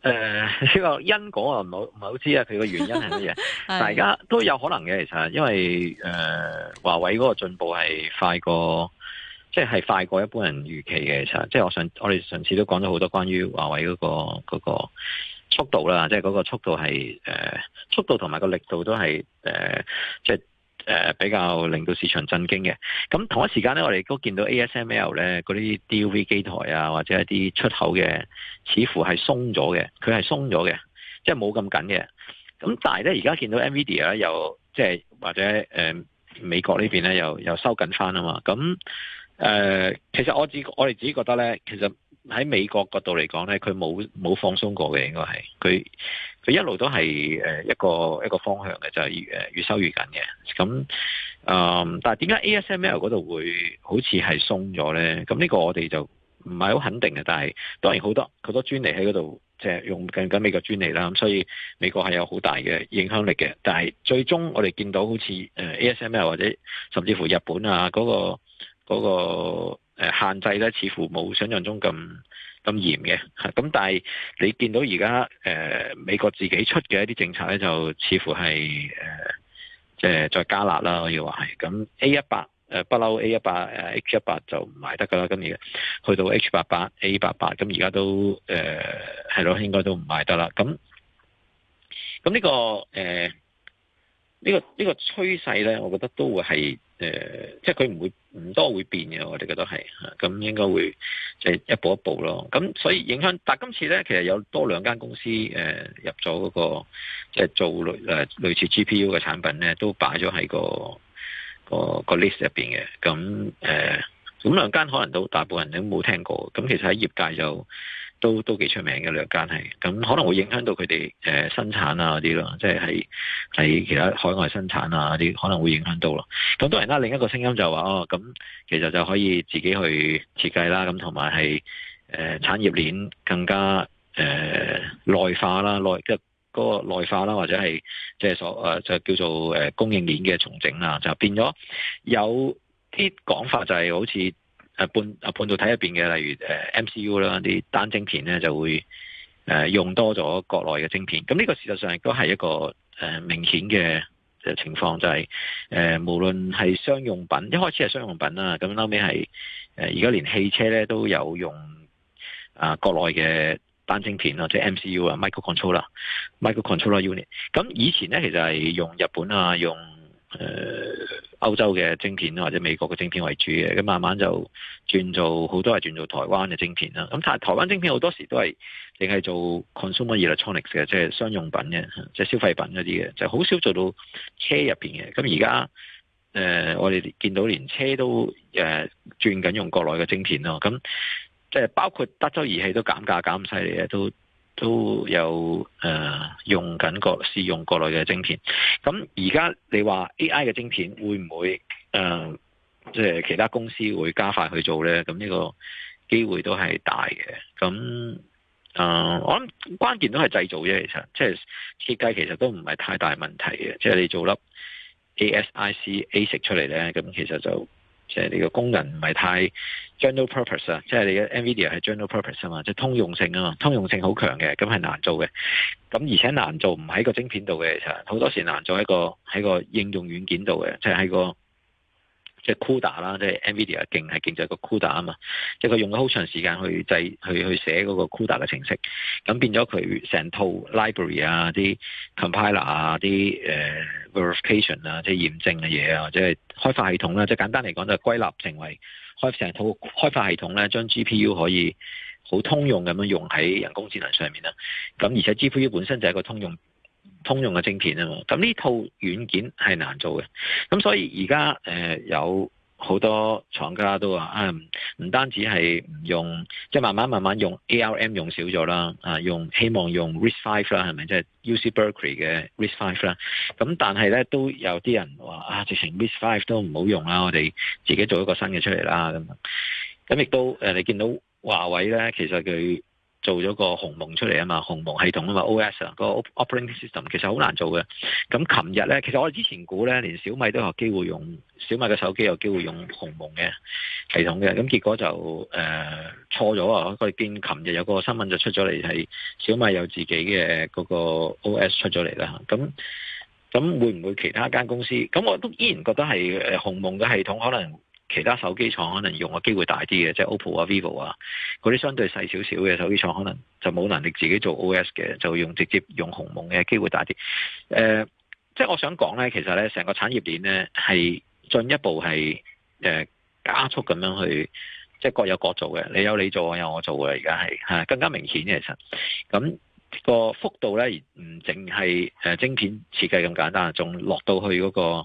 誒，呢個、呃、因，因果我唔好唔係好知啊，佢個原因係乜嘢？ 大家都有可能嘅，其實，因為誒，華、呃、為嗰個進步係快過，即係快過一般人預期嘅，其實，即係我上，我哋上次都講咗好多關於華為嗰、嗰個、嗰個速度啦，即係嗰個速度係誒、呃，速度同埋個力度都係誒，即、呃、係。即係誒、呃，比較令到市場震驚嘅，咁同一時間咧，我哋都見到 ASML 咧嗰啲 DUV 機台啊，或者一啲出口嘅，似乎係鬆咗嘅，佢係鬆咗嘅，即係冇咁緊嘅。咁但係咧，而家見到 NVIDIA 咧又即係或者誒、呃、美國邊呢邊咧又又收緊返啊嘛。咁誒、呃，其實我自我哋自己覺得咧，其實。喺美國角度嚟講咧，佢冇冇放鬆過嘅應該係佢佢一路都係誒一個一個方向嘅，就係誒越收越緊嘅。咁誒、嗯，但係點解 ASML 嗰度會好似係鬆咗咧？咁呢個我哋就唔係好肯定嘅。但係當然好多好多專利喺嗰度，即係用緊緊美國專利啦。咁所以美國係有好大嘅影響力嘅。但係最終我哋見到好似誒 ASML 或者甚至乎日本啊嗰個嗰個。嗰個誒、呃、限制咧，似乎冇想象中咁咁嚴嘅。咁、嗯、但係你見到而家誒美國自己出嘅一啲政策咧，就似乎係誒即係再加辣啦。可以話係咁 A 一八誒，不嬲 A 一八誒 H 一八就唔買得唔賣得噶啦。今年去到 H 八八 A 八八，咁而家都誒係咯，應該都唔賣得啦。咁咁呢個誒。呃這個這個、呢個呢個趨勢咧，我覺得都會係誒、呃，即係佢唔會唔多會變嘅。我哋覺得係咁、嗯、應該會即係一步一步咯。咁、嗯、所以影響，但今次咧，其實有多兩間公司誒、呃、入咗嗰、那個即係、就是、做類誒、呃、類似 GPU 嘅產品咧，都擺咗喺個個個 list 入邊嘅。咁、嗯、誒，咁兩間可能都大部分人都冇聽過。咁、嗯、其實喺業界就。都都幾出名嘅兩間係，咁可能會影響到佢哋誒生產啊啲咯，即係係其他海外生產啊啲，可能會影響到咯。咁當然啦，另一個聲音就話哦，咁其實就可以自己去設計啦，咁同埋係誒產業鏈更加誒內、呃、化啦，內即係嗰個內化啦，或者係即係所誒、呃、就叫做誒供應鏈嘅重整啦，就變咗有啲講法就係好似。誒半誒半導體入邊嘅，例如誒 MCU 啦啲單晶片咧，就會誒用多咗國內嘅晶片。咁呢個事實上亦都係一個誒明顯嘅情況，就係誒無論係商用品，一開始係商用品啦，咁後尾係誒而家連汽車咧都有用啊國內嘅單晶片啊，即係 MCU 啊，microcontroller 啦，microcontroller unit。咁以前咧其實係用日本啊，用誒，呃歐洲嘅晶片或者美國嘅晶片為主嘅，咁慢慢就轉做好多係轉做台灣嘅晶片啦。咁但係台灣晶片好多時都係淨係做 consumer electronics 嘅，即係商用品嘅，即係消費品嗰啲嘅，就好、是、少做到車入邊嘅。咁而家誒，我哋見到連車都誒、呃、轉緊用國內嘅晶片咯。咁即係包括德州儀器都減價減犀利嘅。都都有誒、呃、用緊國試用國內嘅晶片，咁而家你話 A I 嘅晶片會唔會誒即係其他公司會加快去做呢？咁、嗯、呢、呢個機會都係大嘅。咁、嗯、誒、呃，我諗關鍵都係製造啫，其實即係設計其實都唔係太大問題嘅。即係你做粒 A S I C A 食出嚟呢，咁其實就。即係你個功能唔係太 general purpose 啊，即係你嘅 NVIDIA 係 general purpose 啊嘛，即係通用性啊嘛，通用性好強嘅，咁係難做嘅。咁而且難做唔喺個晶片度嘅，其實好多時難做喺個喺個應用軟件度嘅，即係喺個。即係 CUDA 啦，即係 NVIDIA 勁係勁就係個 CUDA 啊嘛，即係佢用咗好長時間去製去去寫嗰個 CUDA 嘅程式，咁變咗佢成套 library 啊、啲 compiler 啊、啲、啊、誒 verification 啊、即係驗證嘅嘢啊，或者係開發系統啦。即係簡單嚟講就係歸納成為開成套開發系統咧，將 GPU 可以好通用咁樣用喺人工智能上面啦。咁而且 GPU 本身就係個通用。通用嘅芯片啊嘛，咁呢套軟件係難做嘅，咁所以而家誒有好多廠家都話啊，唔單止係唔用，即係慢慢慢慢用 ARM 用少咗啦，啊用希望用 RISC-V 啦，係咪即係 UC Berkeley 嘅 RISC-V 啦、啊？咁但係咧都有啲人話啊，直情 RISC-V 都唔好用啦，我哋自己做一個新嘅出嚟啦咁，咁亦都誒、呃、你見到華為咧，其實佢。做咗個鴻蒙出嚟啊嘛，鴻蒙系統啊嘛，OS 啊個 operating system 其實好難做嘅。咁琴日咧，其實我哋之前估咧，連小米都有機會用小米嘅手機有機會用鴻蒙嘅系統嘅。咁結果就誒、呃、錯咗啊！我哋見琴日有個新聞就出咗嚟，係小米有自己嘅嗰個 OS 出咗嚟啦。咁咁會唔會其他間公司？咁我都依然覺得係鴻蒙嘅系統可能。其他手機廠可能用嘅機會大啲嘅，即係 OPPO 啊、VIVO 啊嗰啲相對細少少嘅手機廠，可能就冇能力自己做 OS 嘅，就用直接用鴻蒙嘅機會大啲。誒、呃，即係我想講呢，其實呢成個產業鏈呢，係進一步係誒、呃、加速咁樣去，即係各有各做嘅，你有你做，我有我做嘅，而家係係更加明顯嘅其實。咁、這個幅度呢，唔淨係誒晶片設計咁簡單，仲落到去嗰、那個。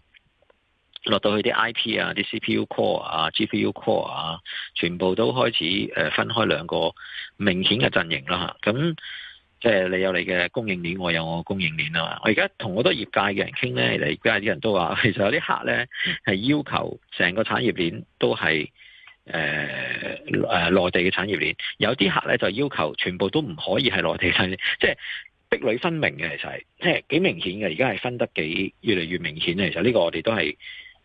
落到去啲 I P 啊，啲 C P U core 啊，G P U core 啊，全部都開始誒，分開兩個明顯嘅陣營啦嚇。咁即係你有你嘅供應鏈，我有我供應鏈啊嘛。我而家同好多業界嘅人傾咧，而家啲人都話，其實有啲客咧係要求成個產業鏈都係誒誒內地嘅產業鏈，有啲客咧就要求全部都唔可以係內地產業鏈，即係壁壘分明嘅，其實係即係幾明顯嘅。而家係分得幾越嚟越明顯嘅，其實呢個我哋都係。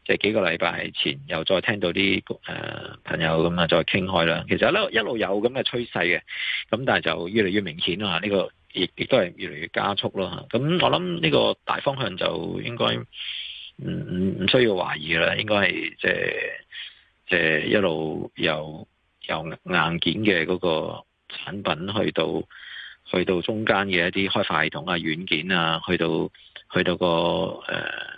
就幾個禮拜前又再聽到啲誒、呃、朋友咁啊，再傾開啦。其實咧一路有咁嘅趨勢嘅，咁但係就越嚟越明顯啦。呢、呢個亦亦都係越嚟越加速咯。咁我諗呢個大方向就應該唔唔、嗯、需要懷疑啦。應該係即係誒一路由由硬件嘅嗰個產品去到去到中間嘅一啲開發系統啊、軟件啊，去到去到個誒。呃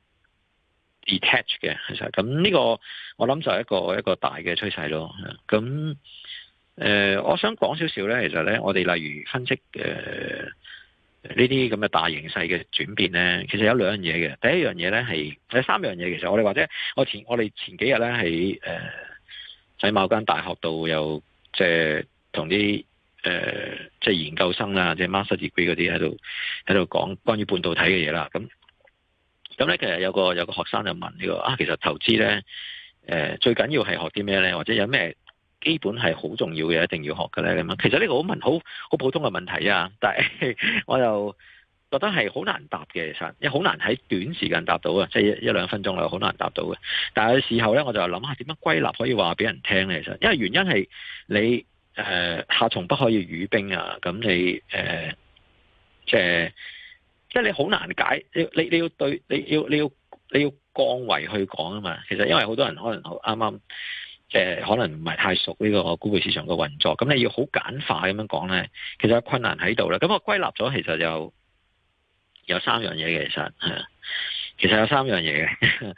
detach 嘅，其實咁呢個我諗就係一個一個大嘅趨勢咯。咁誒、呃，我想講少少咧，其實咧，我哋例如分析誒呢啲咁嘅大形勢嘅轉變咧，其實有兩樣嘢嘅。第一樣嘢咧係，第三樣嘢，其實我哋或者我前我哋前幾日咧喺誒喺某間大學度又即係同啲誒即係研究生啦，即係 master degree 嗰啲喺度喺度講關於半導體嘅嘢啦，咁、嗯。咁咧、嗯，其實有個有個學生就問呢、這個啊，其實投資咧，誒、呃、最緊要係學啲咩咧，或者有咩基本係好重要嘅一定要學嘅咧咁啊？其實呢個好問好好普通嘅問題啊，但係 我又覺得係好難答嘅，其實又好難喺短時間答到啊，即係一兩分鐘又好難答到嘅。但係時候咧，我就諗下點樣歸納可以話俾人聽咧，其實，因為原因係你誒夏蟲不可以語冰啊，咁你誒、呃、即係。即係你好難解，要你你要對你要你要你要降維去講啊嘛。其實因為好多人可能好啱啱，誒、呃、可能唔係太熟呢個股票市場嘅運作，咁你要好簡化咁樣講咧，其實有困難喺度咧。咁我歸納咗，其實有有三樣嘢嘅，其實係，其實有三樣嘢嘅。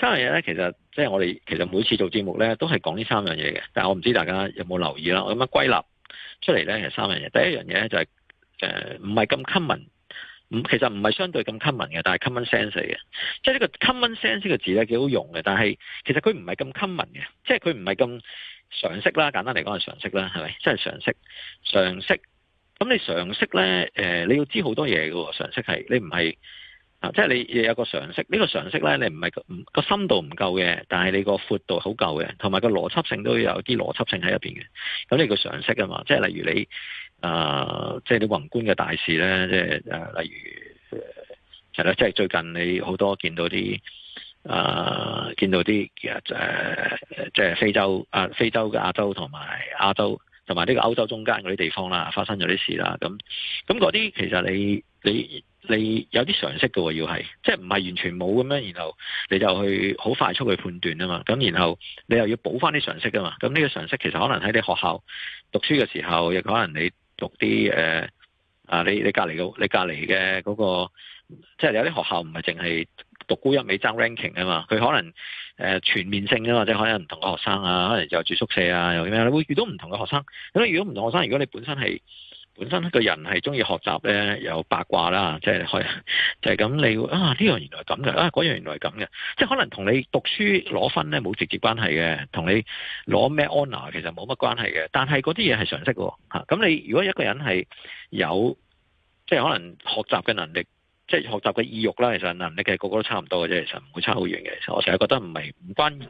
三樣嘢咧，其實即係我哋其實每次做節目咧，都係講呢三樣嘢嘅。但係我唔知大家有冇留意啦。我咁樣歸納出嚟咧，其實三樣嘢。第一樣嘢咧就係誒唔係咁 common。呃唔，其實唔係相對咁 common 嘅，但係 common sense 嚟嘅。即係呢個 common sense 呢個字咧幾好用嘅，但係其實佢唔係咁 common 嘅，即係佢唔係咁常識啦。簡單嚟講係常識啦，係咪？即係常識，常識。咁你常識咧，誒、呃，你要知好多嘢嘅喎。常識係你唔係啊，即係你要有個常識。呢、這個常識咧，你唔係個，個深度唔夠嘅，但係你個闊度好夠嘅，同埋個邏輯性都有啲邏輯性喺入邊嘅。咁你個常識啊嘛，即係例如你。啊、呃，即係啲宏觀嘅大事咧，即係誒，例如係啦，即係最近你好多見到啲啊、呃，見到啲誒、呃，即係非洲啊、呃，非洲嘅亞洲同埋亞洲同埋呢個歐洲中間嗰啲地方啦，發生咗啲事啦，咁咁嗰啲其實你你你，你有啲常識嘅、哦，要係即係唔係完全冇咁樣，然後你就去好快速去判斷啊嘛，咁然後你又要補翻啲常識啊嘛，咁呢個常識其實可能喺你學校讀書嘅時候，亦可能你。讀啲誒、呃、啊！你你隔離嘅你隔離嘅嗰個，即係有啲學校唔係淨係獨孤一味爭 ranking 啊嘛，佢可能誒、呃、全面性啊嘛，即係可能唔同嘅學生啊，可能又住宿舍啊，又點樣？你會遇到唔同嘅學生。咁你遇到唔同學生，如果你本身係。本身個人係中意學習咧，有八卦啦，即係開， 就係咁你啊呢樣、這個、原來係咁嘅，啊嗰樣、這個、原來係咁嘅，即係可能同你讀書攞分咧冇直接關係嘅，同你攞咩 honor 其實冇乜關係嘅，但係嗰啲嘢係常識喎嚇。咁、啊、你如果一個人係有即係可能學習嘅能力，即係學習嘅意欲啦，其實能力嘅個個都差唔多嘅啫，其實唔會差好遠嘅。其實、嗯、我成日覺得唔係唔關係。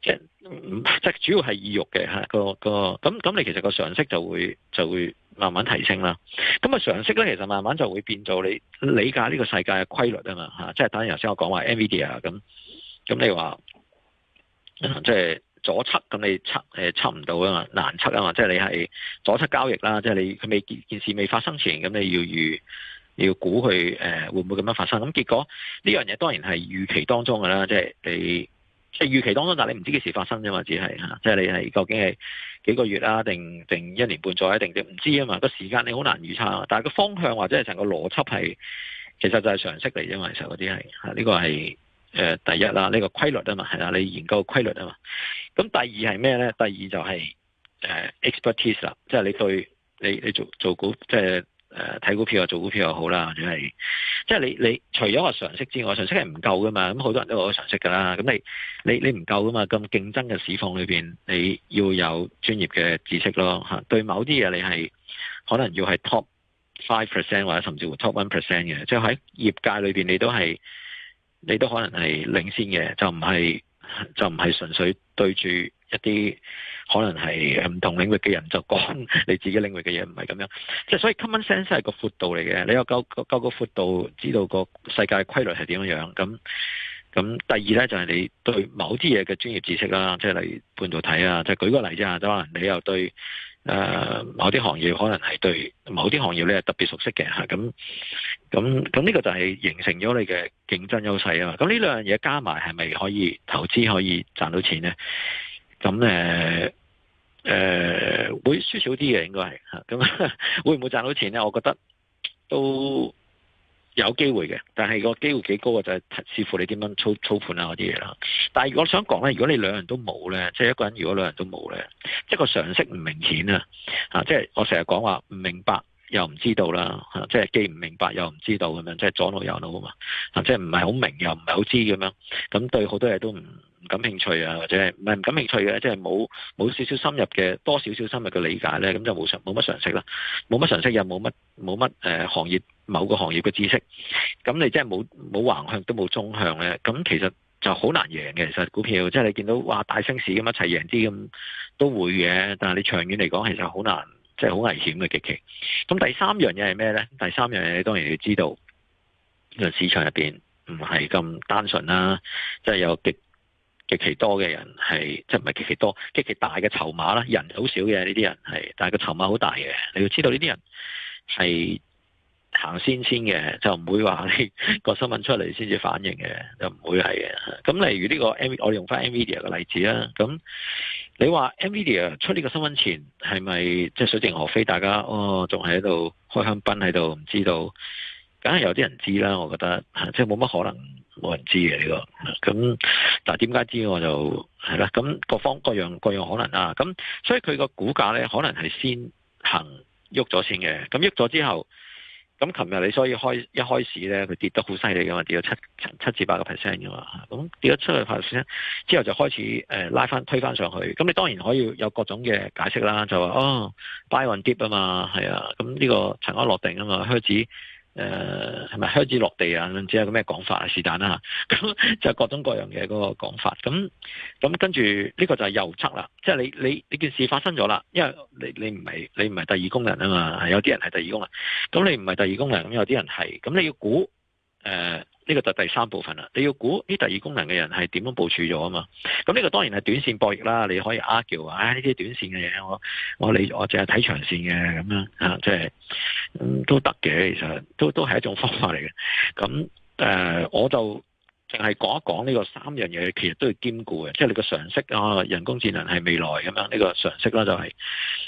即係主要係意欲嘅，吓，個個咁咁，你其實個常識就會就會慢慢提升啦。咁、那、啊、個、常識咧，其實慢慢就會變做你理解呢個世界嘅規律嘛，啊嘛吓，即係啱啱頭先我講話 NVIDIA 咁，咁你話、嗯、即係左側咁你測誒、呃、測唔到啊嘛，難測啊嘛，即係你係左側交易啦，即係你佢未件事未發生前，咁你要預你要估佢誒、呃、會唔會咁樣發生？咁結果呢樣嘢當然係預期當中噶啦，即係你。即係預期當中，但係你唔知幾時發生啫嘛，只係嚇。即係你係究竟係幾個月啊，定定一年半載啊，定唔知啊嘛。個時間你好難預測，但係個方向或者係成個邏輯係其實就係常識嚟啫嘛。其實嗰啲係嚇呢個係誒、呃、第一啦，呢、呢個規律啊嘛係啊，你研究規律啊嘛。咁第二係咩咧？第二就係、是、誒、呃、Expertise 啦，即係你對你你做做股即係。誒，睇、呃、股票又做股票又好啦，或者係，即係你你除咗個常識之外，常識係唔夠噶嘛。咁好多人都有常識噶啦，咁你你你唔夠噶嘛？咁競爭嘅市況裏邊，你要有專業嘅知識咯吓。對某啲嘢，你係可能要係 top five percent 或者甚至乎 top one percent 嘅，即係喺業界裏邊，你都係你都可能係領先嘅，就唔係就唔係純粹對住一啲。可能係唔同領域嘅人就講你自己領域嘅嘢，唔係咁樣，即係所以 common sense 係個闊度嚟嘅。你有夠夠，夠個闊度，知道個世界規律係點樣樣。咁咁第二咧，就係你對某啲嘢嘅專業知識啦，即係例如半導體啊，即係舉個例子啊，就可能你又對誒、呃、某啲行業，可能係對某啲行業你係特別熟悉嘅嚇。咁咁咁呢個就係形成咗你嘅競爭優勢啊。咁呢兩樣嘢加埋係咪可以投資可以賺到錢咧？咁誒，呃誒、呃，會輸少啲嘅應該係吓，咁、嗯、會唔會賺到錢咧？我覺得都有機會嘅，但係個機會幾高嘅就係、是、視乎你點樣操操，操盤啊嗰啲嘢啦。但係如果想講咧，如果你兩人都冇咧，即係一個人如果兩人都冇咧，即係個常識唔明顯啊！吓，即係我成日講話唔明白。又唔知道啦，嚇！即係既唔明白又唔知道咁樣，即係左腦右腦啊嘛，即係唔係好明又唔係好知咁樣，咁對好多嘢都唔唔感興趣啊，或者係唔係唔感興趣嘅？即係冇冇少少深入嘅，多少少深入嘅理解咧，咁就冇常冇乜常識啦，冇乜常識又冇乜冇乜誒行業某個行業嘅知識，咁你即係冇冇橫向都冇縱向咧，咁其實就好難贏嘅。其實股票即係你見到話大升市咁一齊贏啲咁都會嘅，但係你長遠嚟講其實好難。即係好危險嘅極其。咁第三樣嘢係咩呢？第三樣嘢當然要知道，呢個市場入邊唔係咁單純啦、啊。即係有極極其多嘅人係，即係唔係極其多，極其大嘅籌碼啦。人好少嘅呢啲人係，但係個籌碼好大嘅。你要知道呢啲人係。行先先嘅，就唔會話你個新聞出嚟先至反應嘅，就唔會係嘅。咁例如呢個，我哋用返 Nvidia 嘅例子啦。咁你話 Nvidia 出呢個新聞前是是，係咪即係水靜鵝飛？大家哦，仲喺度開香檳喺度，唔知道。梗係有啲人知啦，我覺得即係冇乜可能冇人知嘅呢、這個。咁但係點解知？我就係啦。咁各方各樣各樣各樣可能啊。咁所以佢個股價呢，可能係先行喐咗先嘅。咁喐咗之後。咁琴日你所以開一開始咧，佢跌得好犀利嘅嘛，跌咗七七至八個 percent 嘅嘛，咁跌咗七個 percent 之後就開始誒拉翻推翻上去。咁你當然可以有各種嘅解釋啦，就話哦，buy on dip 啊嘛，係啊，咁呢個塵埃落定啊嘛，靴子。誒，係咪靴子落地啊？唔知有咩講法啊， 是但啦吓，咁就各種各樣嘅嗰個講法，咁咁跟住呢個就係右側啦，即係你你你件事發生咗啦，因為你你唔係你唔係第二工人啊嘛，有啲人係第二工人，咁你唔係第二工人，咁有啲人係，咁你要估。誒，呢、呃這個就第三部分啦。你要估呢第二功能嘅人係點樣部署咗啊嘛？咁、嗯、呢、這個當然係短線博弈啦。你可以 argue 啊呢啲短線嘅嘢，我我理我淨係睇長線嘅咁樣啊，即係、嗯、都得嘅。其實都都係一種方法嚟嘅。咁、嗯、誒、呃，我就淨係講一講呢個三樣嘢，其實都要兼顧嘅。即係你常、哦這個常識、就是、啊，人工智能係未來咁樣呢個常識啦，就係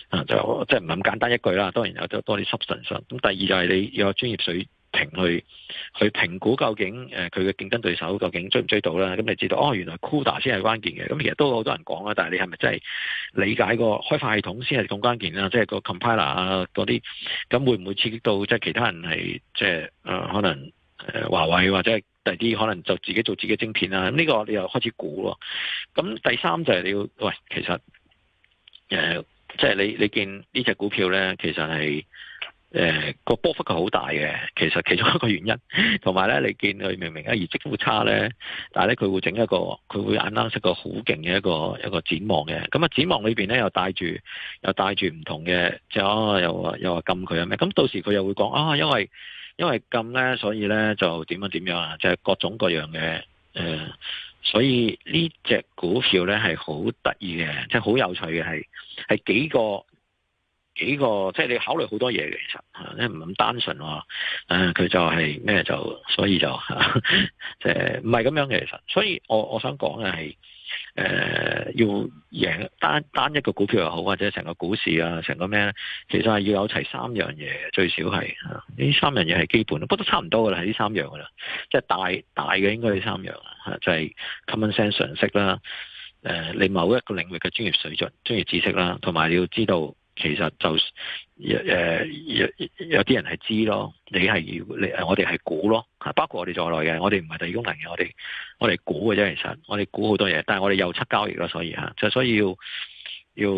啊就即係唔咁簡單一句啦。當然有多啲 substance。咁第二就係你要有專，專業水。評去去評估究竟誒佢嘅競爭對手究竟追唔追到啦？咁、嗯、你知道哦，原來 CUDA 先係關鍵嘅。咁、嗯、其實都好多人講啦，但係你係咪真係理解個開發系統先係咁關鍵啦、嗯？即係個 compiler 啊嗰啲，咁會唔會刺激到即係其他人係即係誒可能誒、呃、華為或者係第啲可能就自己做自己晶片啦、啊？呢、嗯這個你又開始估喎。咁、嗯、第三就係你要喂，其實誒、呃、即係你你見呢隻股票咧，其實係。誒個、呃、波幅係好大嘅，其實其中一個原因，同埋咧，你見佢明明啊業績負差咧，但係咧佢會整一個，佢會眼睜色個好勁嘅一個一個，一個展望嘅。咁、嗯、啊展望裏邊咧又帶住，又帶住唔同嘅，即、哦、又話又話禁佢啊咩？咁到時佢又會講啊、哦，因為因為禁咧，所以咧就點樣點樣啊？就係、就是、各種各樣嘅誒、呃，所以呢隻股票咧係好得意嘅，即係好有趣嘅，係、就、係、是、幾個。幾個即係你考慮好多嘢嘅，其實吓，因唔咁單純啊。誒，佢就係咩就，所以就即係唔係咁樣嘅。其實，所以我我想講嘅係誒，要贏單單一個股票又好，或者成個股市啊，成個咩咧，其實係要有齊三樣嘢，最少係呢、啊、三樣嘢係基本不過都差唔多噶啦，係呢三樣噶啦，即係大大嘅應該係三樣吓、啊，就係、是、common sense 常識啦，誒、啊，你某一個領域嘅專業水準、專業知識啦，同埋你要知道。其實就有誒有啲人係知咯，你係要你誒，我哋係估咯，包括我哋在內嘅，我哋唔係第二工能嘅，我哋我哋估嘅啫。其實我哋估好多嘢，但係我哋右側交易咯，所以吓就所以要要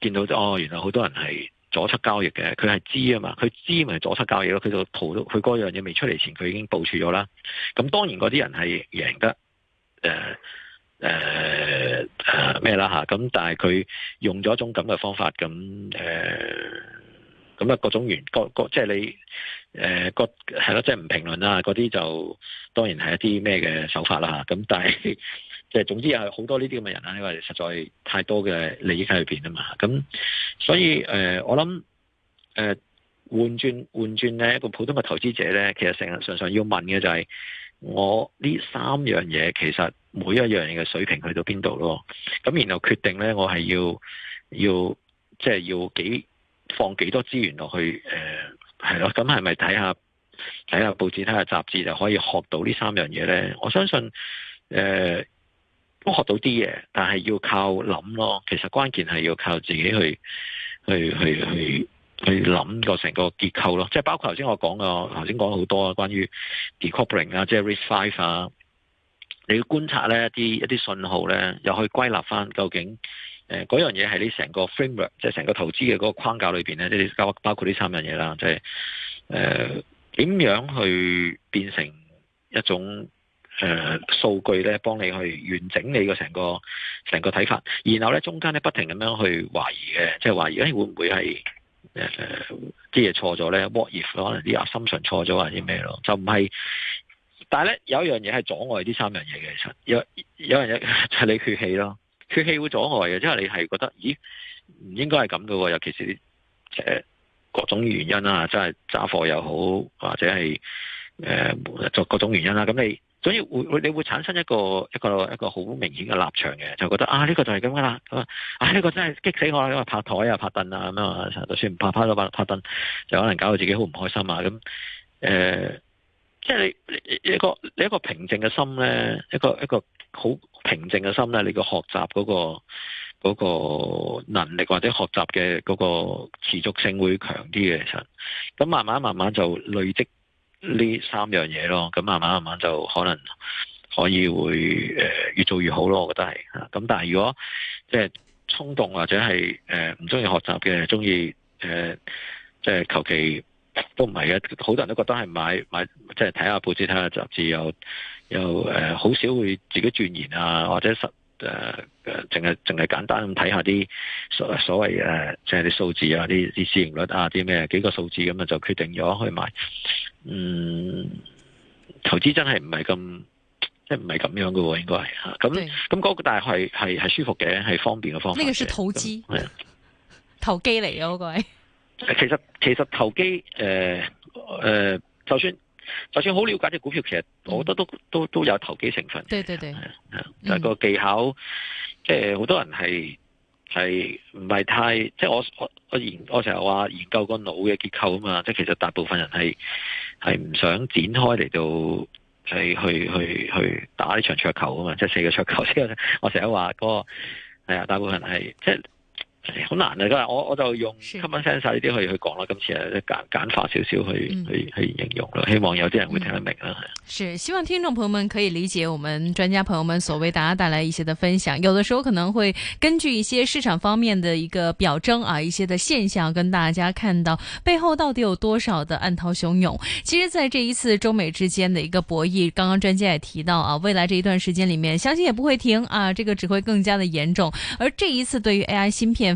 見到哦，原來好多人係左側交易嘅，佢係知啊嘛，佢知咪左側交易咯，佢就圖到佢嗰樣嘢未出嚟前，佢已經部署咗啦。咁當然嗰啲人係贏得誒。呃誒誒咩啦吓咁、啊，但係佢用咗一種咁嘅方法，咁、嗯、誒，咁、嗯、啊、嗯、各種原各各，即係、就是、你誒個係咯，即係唔評論啦，嗰啲就當然係一啲咩嘅手法啦吓。咁、啊、但係即係總之係好多呢啲咁嘅人啦，因為實在太多嘅利益喺入邊啊嘛。咁、嗯、所以誒、呃，我諗誒換轉換轉咧，一、呃、個普通嘅投資者咧，其實成日常常要問嘅就係、是。我呢三樣嘢，其實每一樣嘢嘅水平去到邊度咯，咁然後決定咧，我係要要即係要幾放幾多資源落去誒，係、呃、咯，咁係咪睇下睇下報紙睇下雜誌就可以學到呢三樣嘢咧？我相信誒、呃、都學到啲嘢，但係要靠諗咯。其實關鍵係要靠自己去去去去。去去去諗個成個結構咯，即係包括頭先我講個頭先講好多啊，關於 decoupling 啊，pling，即係 de-risking 啊，你要觀察咧一啲一啲信號咧，又可以歸納翻究竟誒嗰樣嘢係你成個 framework，即係成個投資嘅嗰個框架裏邊咧，即係包包括呢三樣嘢啦，即係誒點樣去變成一種誒、呃、數據咧，幫你去完整你個成個成個睇法，然後咧中間咧不停咁樣去懷疑嘅，即係懷疑會唔會係？誒，誒啲嘢錯咗咧，what if 可能啲啊心上錯咗或者咩咯？就唔係，但係咧有一樣嘢係阻礙呢三樣嘢嘅，其實有有人有就係你血氣咯，血氣會阻礙嘅，即係你係覺得，咦，唔應該係咁噶喎，尤其是誒、呃、各種原因啦，即係炸貨又好，或者係誒就各種原因啦，咁你。所以會會你會產生一個一個一個好明顯嘅立場嘅，就覺得啊呢、呢個就係咁噶啦，咁啊呢、呢個真係激死我啦，因為拍台啊拍凳啊咁啊，就算唔拍拍到板拍凳，就可能搞到自己好唔開心啊咁誒，即係、呃就係、你，你，你一個你一個平靜嘅心咧，一個一個好平靜嘅心咧，你嘅學習嗰、嗰個嗰個能力或者學習嘅嗰個持續性會強啲嘅，其實咁慢慢慢慢就累積。呢三樣嘢咯，咁慢慢慢慢就可能可以會誒越做越好咯，我覺得係。咁但係如果即係衝動或者係誒唔鍾意學習嘅，鍾意誒即係求其都唔係嘅，好多人都覺得係買買即係睇下報紙睇下雜誌又又誒好少會自己鑽研啊，或者實。誒誒，淨係淨係簡單咁睇下啲所所謂誒、呃，即係啲數字啊，啲啲市盈率啊，啲咩幾個數字咁啊，就決定咗去買。嗯，投資真係唔係咁，即係唔係咁樣噶喎，應該係吓。咁咁嗰個但係係係舒服嘅，係方便嘅方。呢個係，資個是 投資來，投機嚟嘅嗰位。其實其實投機誒誒，就算。就算好了解隻股票，其實我覺得都、嗯、都都，都有投機成分。對對對，就係的個技巧，即係好多人係係唔係太即係我我我研我成日話研究個腦嘅結構啊嘛，即係其實大部分人係係唔想展開嚟到係去去去，去打呢場桌球啊嘛，即係四個桌球。即我成日話嗰個啊、哎，大部分人係即係。好 難啊！我我就用 common sense 呢啲去是去講啦，今次係簡簡化少少去、嗯、去去形容啦，希望有啲人會聽得明啦。是，希望聽眾朋友們可以理解我們專家朋友們所為大家帶來一些的分享。有的時候可能會根據一些市場方面的一個表徵啊，一些的現象跟大家看到背後到底有多少的暗濤洶湧。其實，在這一次中美之間的一個博弈，剛剛專家也提到啊，未來這一段時間裏面，相信也不會停啊，這個只會更加的嚴重。而這一次對於 AI 芯片，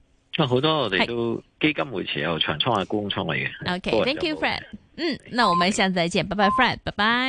咁啊，好多我哋都基金會持有長倉啊，沽空倉嚟嘅。OK，thank、okay, you，Fred。 嗯，那我們下次再見，拜拜，Fred，拜拜。